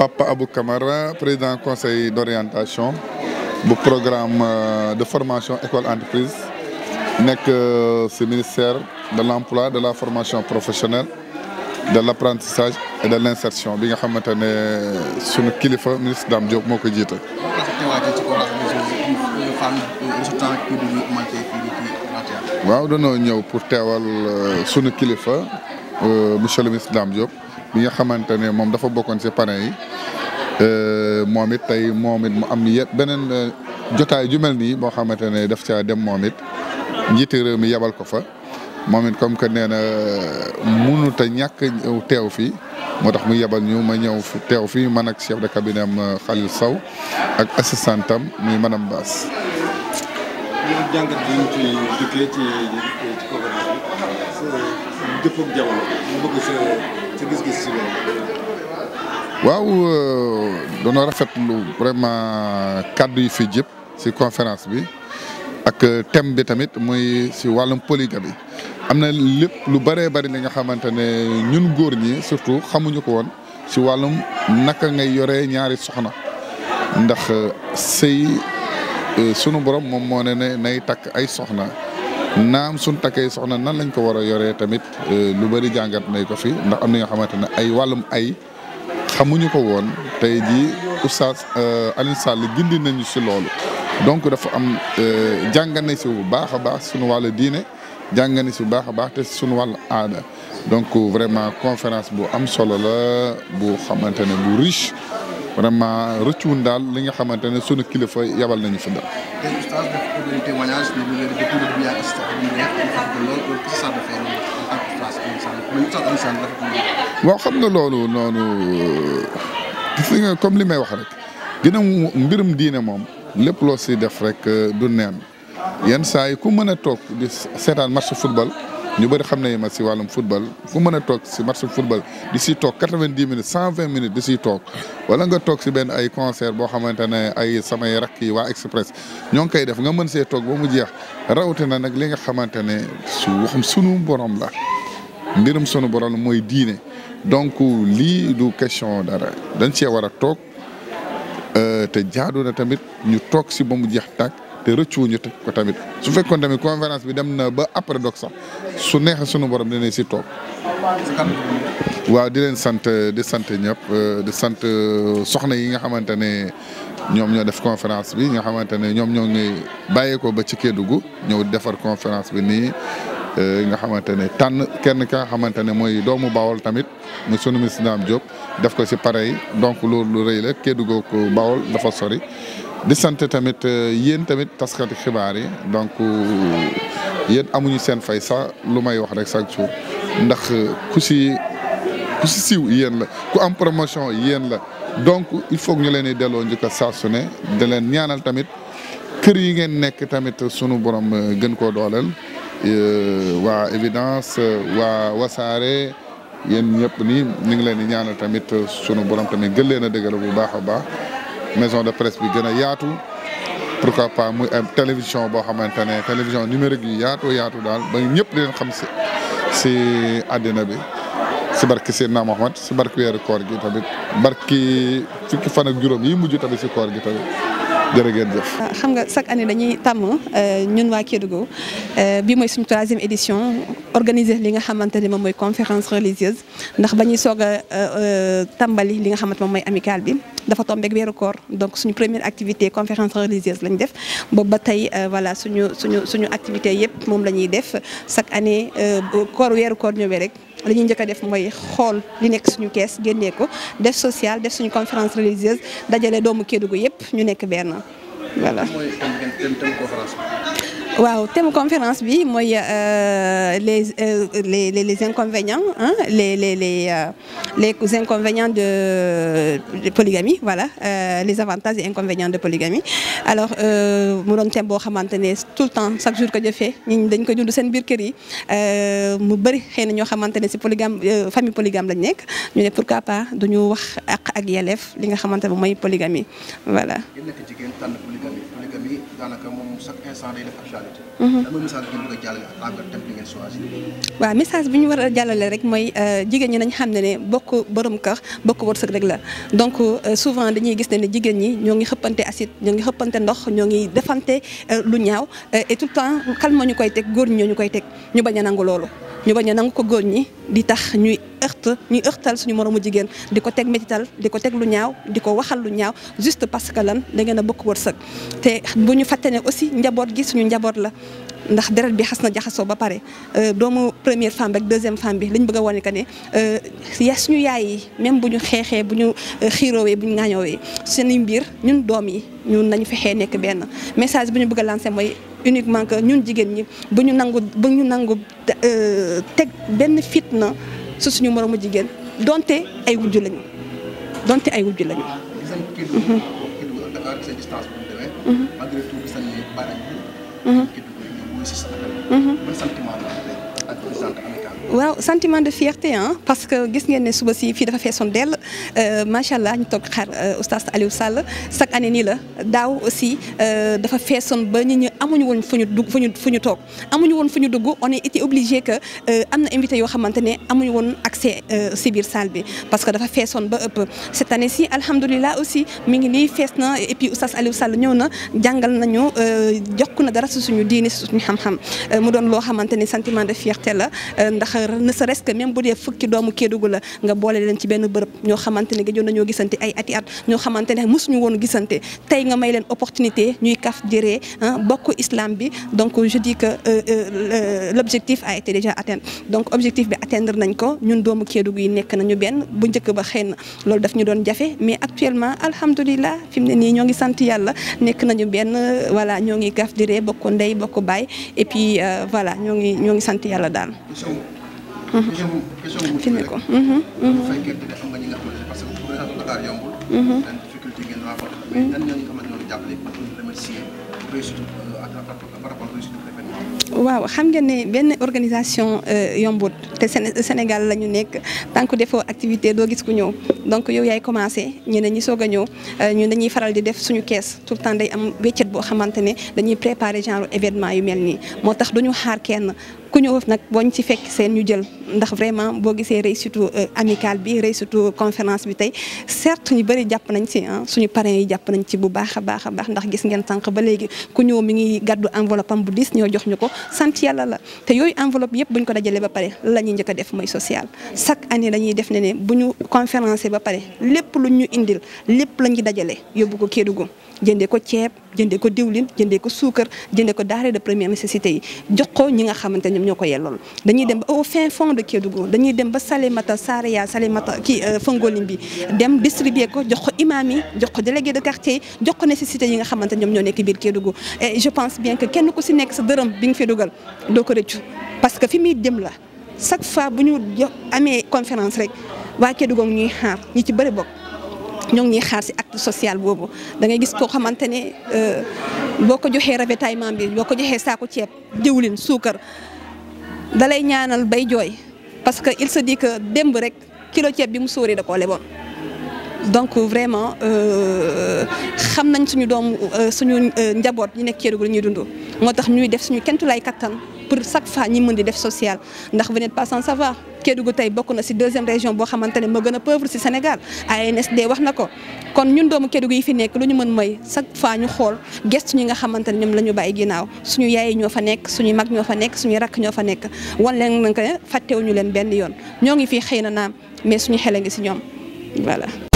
Papa Abou Camara président conseil d'orientation bu programme euh, de formation école entreprise nekk euh, ci ministère de l'emploi de la formation professionnelle de l'apprentissage et de l'insertion bi nga xamante ne sunu kilifa ministre Dame Diop moo ko jiite. waaw ñëw pour teewal euh, sunu kilifa monsieur le ministre Dame Diop. bi nga xamante ne moom dafa bokkoon ci parrain yi euh, moom it tey moom it mu am yet beneen euh, jotaay ju mel nii boo xamante ne daf caa dem moom it njiiti réew mi yebal ko fa moom it comme que nee na euh, mënut a teew fii moo tax mu yebal ñu ma ñëw teew fii man ak chef de cabinet am Khalil Sow ak assistant am muy madame Bass. jàngat ci gis-gis ci loolu. waaw euh, doona rafetlu vraiment kàddu yi fi jëpp si conférence bi ak thème bi tamit mooy si wàllum polygamie am na lépp lu bëree bëri li nga xamante ne ñun góor ñi surtout xamuñu ko woon si wàllum naka ngay yore ñaari soxna ndax euh, sëy euh, sunu borom moom moo ne ne nay takk ay soxna. naam suñ takkee soxna nan lañ ko war a yoree tamit euh, lu bëri jàngat nañ ko fi ndax am na nga xamante ne ay wàllum ay xamuñu ko woon tey jii oustaz euh, Alioune Sall gindi nañu si loolu. donc dafa am euh, jàngat nañ si bu baax a baax suñu wàllu diine jàngat nañ si bu baax a baax te suñu wàllu aada donc vraiment conférence bu am solo la bu xamante ne bu riche. vraiment rëccuwun daal li nga xamante ne sunu kilifa yabal nañu fi daal. xam waaw xam nga loolu noonu gis euh, nga comme li may wax rek dina mbirum diine moom lépp loo si def rek euh, du neen yenn saa yi ku mën a toog di seetaan match football. ñu bëri xam nañu ma si wàllum football fu mën a toog si match football di si toog quatre-vingt-dix minutes cent vingt minutes di siy toog wala nga toog si benn ay concert boo xamante ne ay samay rakk yi waa express ñoo ngi koy def nga mën see toog ba mu jeex rawatina nag li nga xamante ne su waxum sunu borom la mbirum sunu borom mooy diine donc lii du question dara dañ cee war a toog euh, te jaadu na tamit ñu toog si ba mu jeex tàkk te rëccu ñu teg ko tamit su fekkoon tamit conférence bi dem na ba après dog sax su neexee sunu borom dinañ si toog. waaw di leen sant di sant ñëpp euh, di sant euh, soxna yi nga xamante ne ñoom ñoo def conférence bi nga xamante ne ñoom ñoo ngi bàyyeekoo ba ci Kédougou ñëw defar conférence bi nii euh, nga xamante ne tànn kenn ka nga xamante ne mooy doomu Bawol tamit mu sunu ministre Dame Diop def ko si pare yi donc lu lu rëy la Kédougou ko Bawol dafa sori. di sant tamit euh, yéen tamit taskati xibaar yi donc euh, yéen amuñu seen fay sax lu may wax rek chaque jour ndax euh, ku si siw si yéen la ku am promotion yéen la donc il faut ñu leen di delloo njëkk saa su ne leen ñaanal tamit kër yi ngeen nekk tamit sunu borom gën koo dooleel waa évidence waa wasaare yéen ñëpp nii ñu ngi leen di ñaanal tamit sunu borom tamit gën leen a dëgëral bu baax a baax. maison de presse bi gën a yaatu pourquoi pas muy am télévision boo xamante ne télévision numérique yu yaatu yaatu daal ba ñëpp di xam si si àddina bi si barki Seydina Mohamed si barki weeru koor gi tamit barki fukki fan ak juróom yi mujj tamit si koor gi tamit jërë ngeen jëf. Ah, xam nga chaque année dañuy tàmm euh, ñun waa Kédougou euh, bi mooy suñu troisième édition organiser li nga xamante ne moom mooy conférence religieuse ndax ba ñuy soog a euh, tàmbali li nga xamante moom mooy amicale bi. dafa tombeek weeru koor donc suñu première activité conférence religieuse lañ def boobu ba tey euh, voilà suñu suñu suñu activité yëpp moom la ñuy def chaque année euh, koor weeru koor ñëwee rek li ñuy njëkk a def mooy xool li nekk suñu kees génnee ko def social def suñu conférence religieuse dajale doomu Kédougou yëpp ñu nekk benn voilà. waaw thème conférence bi mooy euh, euh, les les les inconvénients hein les les les euh, les inconvénients de de polygamie voilà les avantages et inconvénients de polygamie alors mu doon thème boo xamante ne tout le temps chaque jour que jëfee ñun dañ ko dund seen biir kër yi mu bëri xëy na ñoo xamante ne si polygame famille polygame lañ nekk ñu ne pourquoi pas duñu wax ak ak yelleef li nga xamante mooy polygamie voilà. actualité. Mhm. message bi ñu war a jàllale rek mooy euh, jigéen ñi nañ xam ne ne bokk borom kër bokk wërsëg rek la donc euh, souvent dañuy gis ne ne jigéen ñi ñoo ngi xëppante acide ñoo ngi xëppante ndox ñoo ngi defante euh, lu ñaaw et tout temps kan moo ñu koy teg góor ñi ñoo ñu koy teg ñu bañ a nangu loolu. ñu bañ a nangu ko góor ñi di tax ñuy ërt ñuy ërtal suñu moromu jigéen di ko teg métital di ko teg lu ñaaw di ko waxal lu ñaaw juste parce que lan da ngeen a bokk wërsëg te bu ñu fàtte ne aussi njaboot gi suñu njaboot la ndax deret bi xas na jaxasoo ba pare euh, doomu première femme ak deuxième femme bi liñ bëgg a wane que ne euh, ya suñu yaay yi même bu ñu xeexee bu ñu euh, xiiroowee bu ñu ŋaañoowee seen mbiir ñun doom yi ñun nañu fexee nekk benn message bu ñu bëgg a lancer mooy uniquement que ñun jigéen ñi ba ñu nangu bu ñu nangu euh, teg benn fitna su suñu moromu jigéen donte ay wujju lañu donte ay wujju lañu. gis mm-hmm. mm-hmm. mm-hmm. waaw sentiment de fierté ah parce que gis ngeen ne suba si fii dafa feesoon dell euh, macha allah ñu toog xar euh, oustaz Aliou Sall chaque année nii la daaw aussi euh, dafa feesoon ba nit ñi amuñu woon fu ñu dugg fu ñu fu ñu toog amuñu woon fu ñu dugg on est été obligé na invité yoo xamante ne amuñu woon accès si biir salle bi parce que dafa feesoon ba ëpp cette année si alhamdulilah aussi mi ngi nii fees na et puis oustaz Sall ñëw na jàngal nañu jokk na dara si suñu diini si suñu xam-xam mu doon loo xamante ne sentiment de fierté la ndax ne serait-ce que même bu dee fukki doomu Kédougou la nga boole leen ci benn bërëb ñoo xamante ne gëjoon nañoo gisante ay ati at ñoo xamante ne mosuñu woon gisante tey nga may leen opportunité ñuy kaf jëree bokk islam bi donc je di que euh, euh, l'objectif a été déjà atteint donc objectif bi atteindre nañ ko ñun doomu Kédougou yi nekk nañu benn bu njëkk ba xëy na loolu ñu doon jafe mais actuellement alhamdulilah fi mu ne nii ñoo ngi sant yàlla nekk nañu benn wala ñoo ngi kaf jëree bokk ndey bokk baay et puis euh, voilà ñoo ngi ñoo ngi sant yàlla daal question bu waaw xam nga ne benn organisation yombut te Sénégal la ñu nekk tant que defoo activité doo gis ku ñëw donc yow yaay commencé ñeneen ñi soog a ñëw ñun dañuy faral di def suñu kees tout le temps day am wéccet boo xamante ne dañuy préparer genre événement yu mel nii moo tax duñu xaar kenn ku ñu nag boo ñu ci fekk seen ñu jël ndax vraiment boo gisee réussite euh, amicale bi réussite conférence bi tey certes ñu bari jàpp nañ ci ah suñu parents yi jàpp nañ ci bu baax a baax a baax ndax gis ngeen sànq ba léegi ku ñëw mi ngi gàddu enveloppe am bu diis ñoo jox ñu ko sant yàlla la te yooyu enveloppe yëpp ñu ko dajalee ba pare la ñuy njëkk a def mooy social chaque année dañuy def ne ne bu ñu conférencé ba pare lépp lu ñu indil lépp lañuy dajale yóbbu ko Kédougou jëndee ko ceeb jëndee ko diwlin jëndee ko suukar jëndee ko denrées de première nécessité yi jox ko ñi nga xamante ñoom ñoo ko yellool dañuy dem ba au fin fond de Kédougou dañuy dem ba Salémata Saraya Salémata kii euh, Fongolim bi dem distribuer ko jox ko imam yi jox ko délégué de quartier yi jox ko nécessité yi nga xamante ñoom ñoo nekk biir Kédougou et je pense bien que kenn ku si nekk sa dërëm bi nga fi dugal doo ko rëccu parce que fi muy dem la chaque fois bu ñu amee conférence rek waa Kédougou ñuy xaar ñi ci bëri bokk ñoo ngi xaar si acte sociale boobu da ngay gis koo xamante ne euh, boo ko joxee ravitaillement bi boo ko joxee saaku ceeb diwlin suukar dalay ñaanal bay jooy parce que il se dit que démb rek kilo ceeb bi mu sóoree da koo leboon donc vraiment euh, xam nañ suñu doom euh, suñu njaboot ñu nekk Kédougou la ñuy dund moo tax ñuy def suñu kentu lay kattan pour chaque fois ñi mën di def social ndax vous n'êtes pas sans savoir Kédougou tey bokk na si deuxième région boo xamante ne moo gën a pauvre si Sénégal ANSD wax na ko kon ñun doomu Kédougou yi fi nekk lu ñu mën mooy chaque fois ñu xool gestu ñi nga xamante ne ñoom la ñu bàyyi ginnaaw suñu yaay ñoo fa nekk suñu mag ñoo fa nekk suñu rakk ñoo fa nekk wan leen wu ñu leen benn yoon ñoo ngi fii xëy na naam mais suñu xel a ngi si ñoom voilà